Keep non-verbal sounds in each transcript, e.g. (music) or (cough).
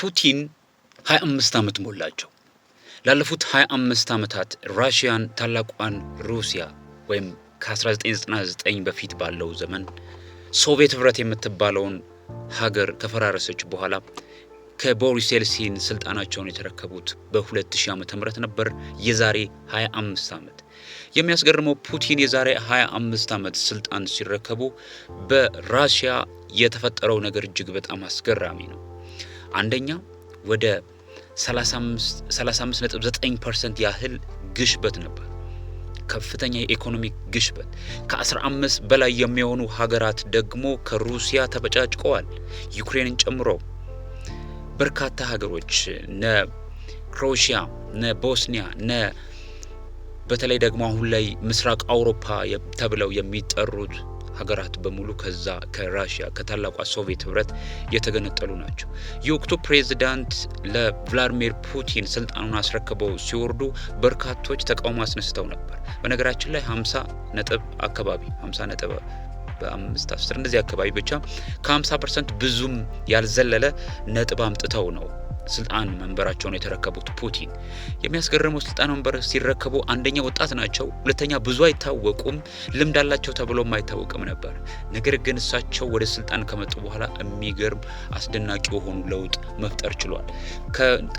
ፑቲን 25 ዓመት ሞላቸው። ላለፉት 25 ዓመታት ራሽያን ታላቋን ሩሲያ ወይም ከ1999 በፊት ባለው ዘመን ሶቪየት ህብረት የምትባለውን ሀገር ከፈራረሰች በኋላ ከቦሪስ ኤልሲን ስልጣናቸውን የተረከቡት በ2000 ዓ ም ነበር፣ የዛሬ 25 ዓመት። የሚያስገርመው ፑቲን የዛሬ 25 ዓመት ስልጣን ሲረከቡ በራሽያ የተፈጠረው ነገር እጅግ በጣም አስገራሚ ነው። አንደኛ ወደ 35.9 ፐርሰንት ያህል ግሽበት ነበር። ከፍተኛ የኢኮኖሚ ግሽበት። ከ15 በላይ የሚሆኑ ሀገራት ደግሞ ከሩሲያ ተበጫጭቀዋል፣ ዩክሬንን ጨምሮ በርካታ ሀገሮች ነ ክሮኤሽያ፣ ነ ቦስኒያ፣ ነ በተለይ ደግሞ አሁን ላይ ምስራቅ አውሮፓ ተብለው የሚጠሩት ሀገራት በሙሉ ከዛ ከራሽያ ከታላቋ ሶቪየት ህብረት የተገነጠሉ ናቸው። የወቅቱ ፕሬዚዳንት ለቭላድሚር ፑቲን ስልጣኑን አስረክበው ሲወርዱ በርካቶች ተቃውሞ አስነስተው ነበር። በነገራችን ላይ 50 ነጥብ አካባቢ 50 ነጥብ በአምስት አስር እንደዚህ አካባቢ ብቻ ከ50 ፐርሰንት ብዙም ያልዘለለ ነጥብ አምጥተው ነው ስልጣን መንበራቸውን የተረከቡት ፑቲን የሚያስገርመው ስልጣን መንበር ሲረከቡ አንደኛ ወጣት ናቸው፣ ሁለተኛ ብዙ አይታወቁም፣ ልምድ አላቸው ተብሎም አይታወቅም ነበር። ነገር ግን እሳቸው ወደ ስልጣን ከመጡ በኋላ የሚገርም አስደናቂ የሆኑ ለውጥ መፍጠር ችሏል።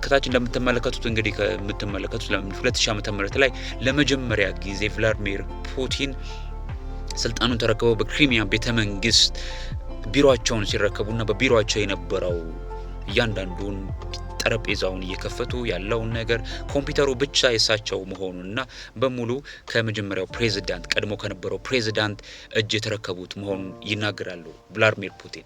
ከታች እንደምትመለከቱት እንግዲህ ከምትመለከቱት 2000 ዓመተ ላይ ለመጀመሪያ ጊዜ ቭላድሚር ፑቲን ስልጣኑን ተረክበው በክሪሚያ ቤተ መንግስት ቢሮቸውን ሲረከቡና በቢሮቸው የነበረው yan dan dun ጠረጴዛውን እየከፈቱ ያለውን ነገር ኮምፒውተሩ ብቻ የሳቸው መሆኑንና በሙሉ ከመጀመሪያው ፕሬዚዳንት ቀድሞ ከነበረው ፕሬዚዳንት እጅ የተረከቡት መሆኑን ይናገራሉ ቭላድሚር ፑቲን።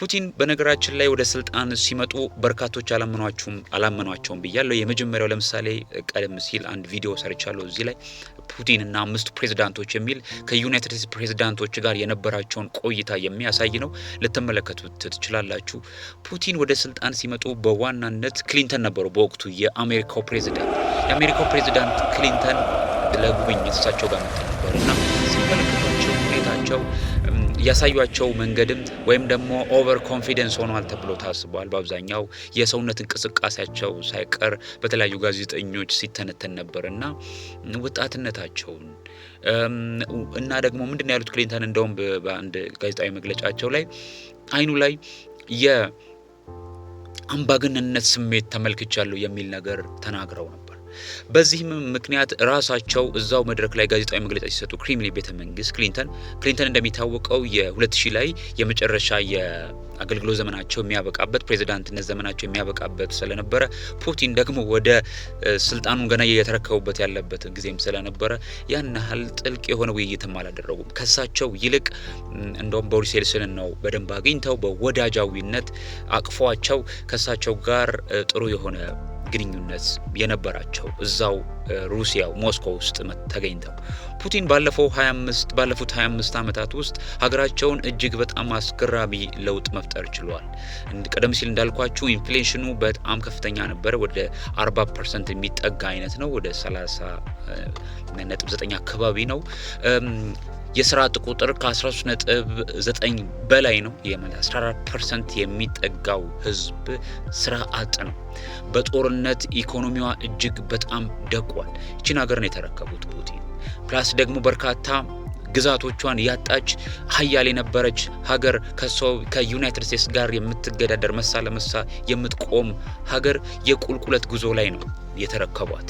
ፑቲን በነገራችን ላይ ወደ ስልጣን ሲመጡ በርካቶች አላመኗቸውም አላመኗቸውም ብያለሁ። የመጀመሪያው ለምሳሌ ቀደም ሲል አንድ ቪዲዮ ሰርቻለሁ እዚህ ላይ ፑቲን እና አምስቱ ፕሬዚዳንቶች የሚል ከዩናይትድ ስቴትስ ፕሬዚዳንቶች ጋር የነበራቸውን ቆይታ የሚያሳይ ነው። ልትመለከቱት ትችላላችሁ። ፑቲን ወደ ስልጣን ሲመጡ በዋናነት ማለት ክሊንተን ነበሩ በወቅቱ የአሜሪካው ፕሬዚዳንት። የአሜሪካው ፕሬዚዳንት ክሊንተን ለጉብኝት እሳቸው ጋር መጥተው ነበር እና ሲመለከቷቸው ሁኔታቸው ያሳዩቸው መንገድም ወይም ደግሞ ኦቨር ኮንፊደንስ ሆኗል ተብሎ ታስቧል። በአብዛኛው የሰውነት እንቅስቃሴያቸው ሳይቀር በተለያዩ ጋዜጠኞች ሲተነተን ነበር እና ወጣትነታቸውን እና ደግሞ ምንድን ነው ያሉት ክሊንተን እንደውም በአንድ ጋዜጣዊ መግለጫቸው ላይ አይኑ ላይ የ አምባግንነት ስሜት ተመልክቻለሁ የሚል ነገር ተናግረው ነበር። በዚህም ምክንያት ራሳቸው እዛው መድረክ ላይ ጋዜጣዊ መግለጫ ሲሰጡ ክሪምሊን ቤተ መንግስት ክሊንተን ክሊንተን እንደሚታወቀው የ2000 ላይ የመጨረሻ የአገልግሎት ዘመናቸው የሚያበቃበት ፕሬዚዳንትነት ዘመናቸው የሚያበቃበት ስለነበረ ፑቲን ደግሞ ወደ ስልጣኑ ገና እየተረከቡበት ያለበት ጊዜም ስለነበረ ያን ያህል ጥልቅ የሆነ ውይይትም አላደረጉም። ከሳቸው ይልቅ እንደውም ቦሪስ ኤልሲንን ነው በደንብ አግኝተው በወዳጃዊነት አቅፏቸው ከሳቸው ጋር ጥሩ የሆነ ግንኙነት የነበራቸው እዛው ሩሲያው ሞስኮ ውስጥ ተገኝተው ፑቲን ባለፈው 25 ባለፉት 25 ዓመታት ውስጥ ሀገራቸውን እጅግ በጣም አስገራሚ ለውጥ መፍጠር ችሏል። ቀደም ሲል እንዳልኳችሁ ኢንፍሌሽኑ በጣም ከፍተኛ ነበር። ወደ 40 ፐርሰንት የሚጠጋ አይነት ነው። ወደ 30 ነጥብ 9 አካባቢ ነው። የስራ አጥ ቁጥር ከ13.9 በላይ ነው። የ14 ፐርሰንት የሚጠጋው ህዝብ ስራ አጥ ነው። በጦርነት ኢኮኖሚዋ እጅግ በጣም ደቋል። ተደርጓል። ይችን ሀገር ነው የተረከቡት ፑቲን። ፕላስ ደግሞ በርካታ ግዛቶቿን ያጣች ሀያል የነበረች ሀገር ከዩናይትድ ስቴትስ ጋር የምትገዳደር መሳ ለመሳ የምትቆም ሀገር የቁልቁለት ጉዞ ላይ ነው የተረከቧት።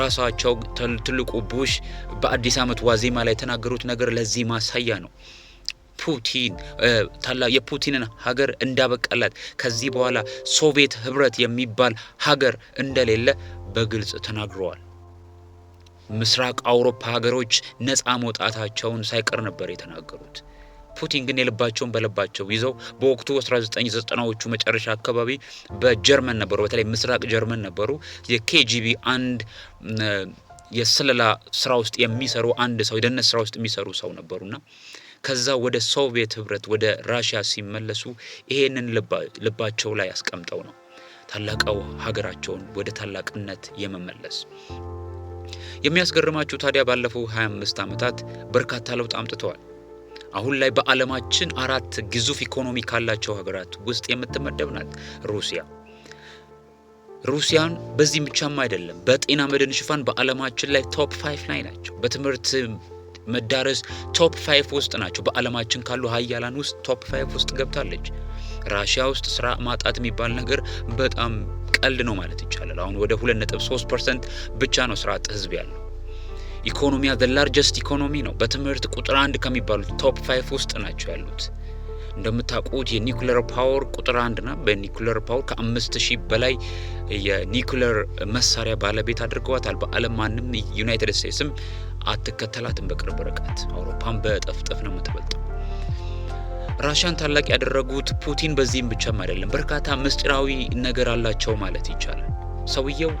ራሳቸው ትልቁ ቡሽ በአዲስ ዓመት ዋዜማ ላይ የተናገሩት ነገር ለዚህ ማሳያ ነው። ፑቲን ታላ የፑቲንን ሀገር እንዳበቀላት ከዚህ በኋላ ሶቪየት ህብረት የሚባል ሀገር እንደሌለ በግልጽ ተናግረዋል። ምስራቅ አውሮፓ ሀገሮች ነፃ መውጣታቸውን ሳይቀር ነበር የተናገሩት። ፑቲን ግን የልባቸውን በልባቸው ይዘው በወቅቱ 1990ዎቹ መጨረሻ አካባቢ በጀርመን ነበሩ፣ በተለይ ምስራቅ ጀርመን ነበሩ። የኬጂቢ አንድ የስለላ ስራ ውስጥ የሚሰሩ አንድ ሰው የደህንነት ስራ ውስጥ የሚሰሩ ሰው ነበሩና ከዛ ወደ ሶቪየት ህብረት ወደ ራሽያ ሲመለሱ ይሄንን ልባቸው ላይ አስቀምጠው ነው ታላቀው ሀገራቸውን ወደ ታላቅነት የመመለስ የሚያስገርማችሁ ታዲያ ባለፈው 25 ዓመታት በርካታ ለውጥ አምጥተዋል። አሁን ላይ በዓለማችን አራት ግዙፍ ኢኮኖሚ ካላቸው ሀገራት ውስጥ የምትመደብ ናት ሩሲያ። ሩሲያን በዚህ ብቻም አይደለም፣ በጤና መድን ሽፋን በዓለማችን ላይ ቶፕ ፋይቭ ላይ ናቸው። በትምህርት መዳረስ ቶፕ ፋይፍ ውስጥ ናቸው። በዓለማችን ካሉ ሀያላን ውስጥ ቶፕ ፋይፍ ውስጥ ገብታለች። ራሽያ ውስጥ ስራ ማጣት የሚባል ነገር በጣም ቀልድ ነው ማለት ይቻላል። አሁን ወደ 2.3 ፐርሰንት ብቻ ነው ስራ አጥ ህዝብ ያለው። ኢኮኖሚያ ዘ ላርጀስት ኢኮኖሚ ነው። በትምህርት ቁጥር አንድ ከሚባሉት ቶፕ ፋይፍ ውስጥ ናቸው ያሉት። እንደምታውቁት የኒኩለር ፓወር ቁጥር ና በኒኩለር ፓወር ከአምስት ሺህ በላይ የኒኩለር መሳሪያ ባለቤት አድርገዋታል። በአለም ማንም ዩናይትድ ስቴትስም አትከተላትም በቅርብ ርቀት። አውሮፓን በጠፍጠፍ ነው የምትበልጠው። ራሽያን ታላቅ ያደረጉት ፑቲን በዚህም ብቻም አይደለም፣ በርካታ ምስጢራዊ ነገር አላቸው ማለት ይቻላል። ሰውየው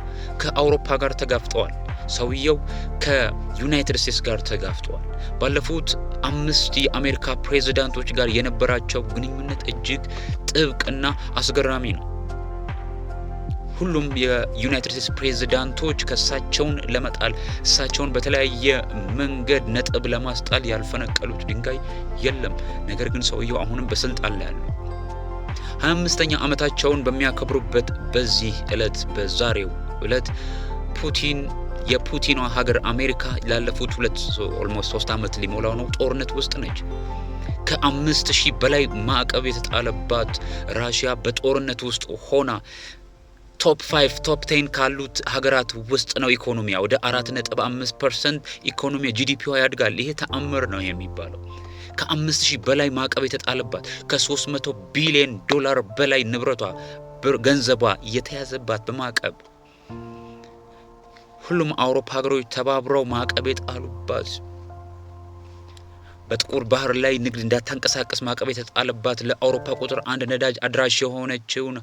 ከአውሮፓ ጋር ተጋፍጠዋል። ሰውየው ከዩናይትድ ስቴትስ ጋር ተጋፍጠዋል። ባለፉት አምስት የአሜሪካ ፕሬዚዳንቶች ጋር የነበራቸው ግንኙነት እጅግ ጥብቅና አስገራሚ ነው። ሁሉም የዩናይትድ ስቴትስ ፕሬዚዳንቶች ከእሳቸውን ለመጣል እሳቸውን በተለያየ መንገድ ነጥብ ለማስጣል ያልፈነቀሉት ድንጋይ የለም። ነገር ግን ሰውየው አሁንም በስልጣን ላይ ያሉ ሀያ አምስተኛ ዓመታቸውን በሚያከብሩበት በዚህ ዕለት በዛሬው ዕለት ፑቲን የፑቲኗ ሀገር አሜሪካ ላለፉት ሁለት ኦልሞስት ሶስት ዓመት ሊሞላው ነው ጦርነት ውስጥ ነች። ከአምስት ሺህ በላይ ማዕቀብ የተጣለባት ራሽያ በጦርነት ውስጥ ሆና ቶፕ 5 ቶፕ 10 ካሉት ሀገራት ውስጥ ነው። ኢኮኖሚያ ወደ 4.5 ኢኮኖሚ ጂዲፒዋ ያድጋል። ይሄ ተአምር ነው የሚባለው። ከ5000 በላይ ማዕቀብ የተጣለባት ከ300 ቢሊዮን ዶላር በላይ ንብረቷ ገንዘቧ የተያዘባት በማዕቀብ ሁሉም አውሮፓ ሀገሮች ተባብረው ማዕቀብ የጣሉባት በጥቁር ባህር ላይ ንግድ እንዳታንቀሳቀስ ማዕቀብ የተጣለባት ለአውሮፓ ቁጥር አንድ ነዳጅ አድራሽ የሆነችውን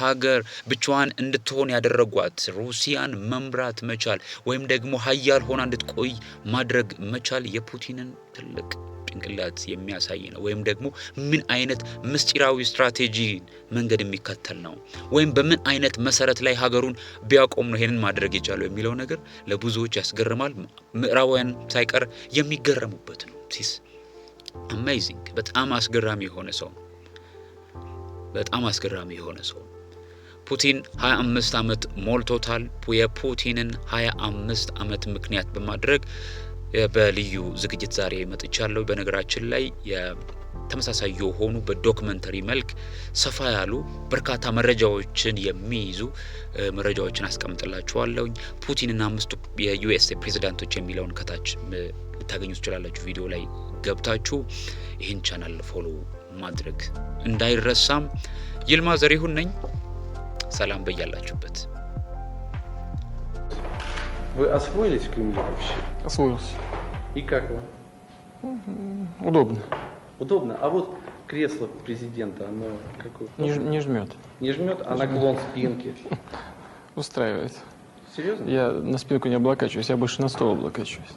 ሀገር ብቻዋን እንድትሆን ያደረጓት ሩሲያን መምራት መቻል ወይም ደግሞ ሀያል ሆና እንድትቆይ ማድረግ መቻል የፑቲንን ትልቅ ጭንቅላት የሚያሳይ ነው። ወይም ደግሞ ምን አይነት ምስጢራዊ ስትራቴጂ መንገድ የሚከተል ነው፣ ወይም በምን አይነት መሰረት ላይ ሀገሩን ቢያቆም ነው ይሄንን ማድረግ የቻለው የሚለው ነገር ለብዙዎች ያስገርማል። ምዕራባውያን ሳይቀር የሚገረሙበት ነው ሲስ አሜዚንግ በጣም አስገራሚ የሆነ ሰው በጣም አስገራሚ የሆነ ሰው ፑቲን 25 ዓመት ሞልቶታል። የፑቲንን 25 ዓመት ምክንያት በማድረግ በልዩ ዝግጅት ዛሬ መጥቻለሁ። በነገራችን ላይ ተመሳሳይ የሆኑ በዶክመንተሪ መልክ ሰፋ ያሉ በርካታ መረጃዎችን የሚይዙ መረጃዎችን አስቀምጥላችኋለሁ። ፑቲንና አምስቱ የዩኤስ ፕሬዚዳንቶች የሚለውን ከታች ልታገኙ ትችላላችሁ ቪዲዮ ላይ ገብታችሁ ይህን ቻናል ፎሎ ማድረግ እንዳይረሳም። ይልማ ዘሪሁን ነኝ። ሰላም በያላችሁበት። Вы освоились в Кремле вообще? Освоился. И как вам? Удобно. Удобно. А вот кресло президента, оно какое? Не, не жмет. Не жмет, а наклон спинки? (laughs) Устраивает. Серьезно? Я на спинку не облокачиваюсь, я больше на стол облокачиваюсь.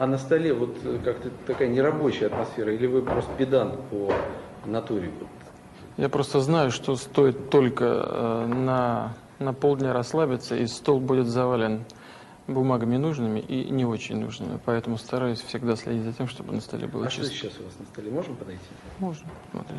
А на столе вот э, как-то такая нерабочая атмосфера, или вы просто педант по натуре? Я просто знаю, что стоит только э, на, на полдня расслабиться, и стол будет завален бумагами нужными и не очень нужными. Поэтому стараюсь всегда следить за тем, чтобы на столе было а чисто. А что сейчас у вас на столе? Можем подойти? Можно. Смотрите.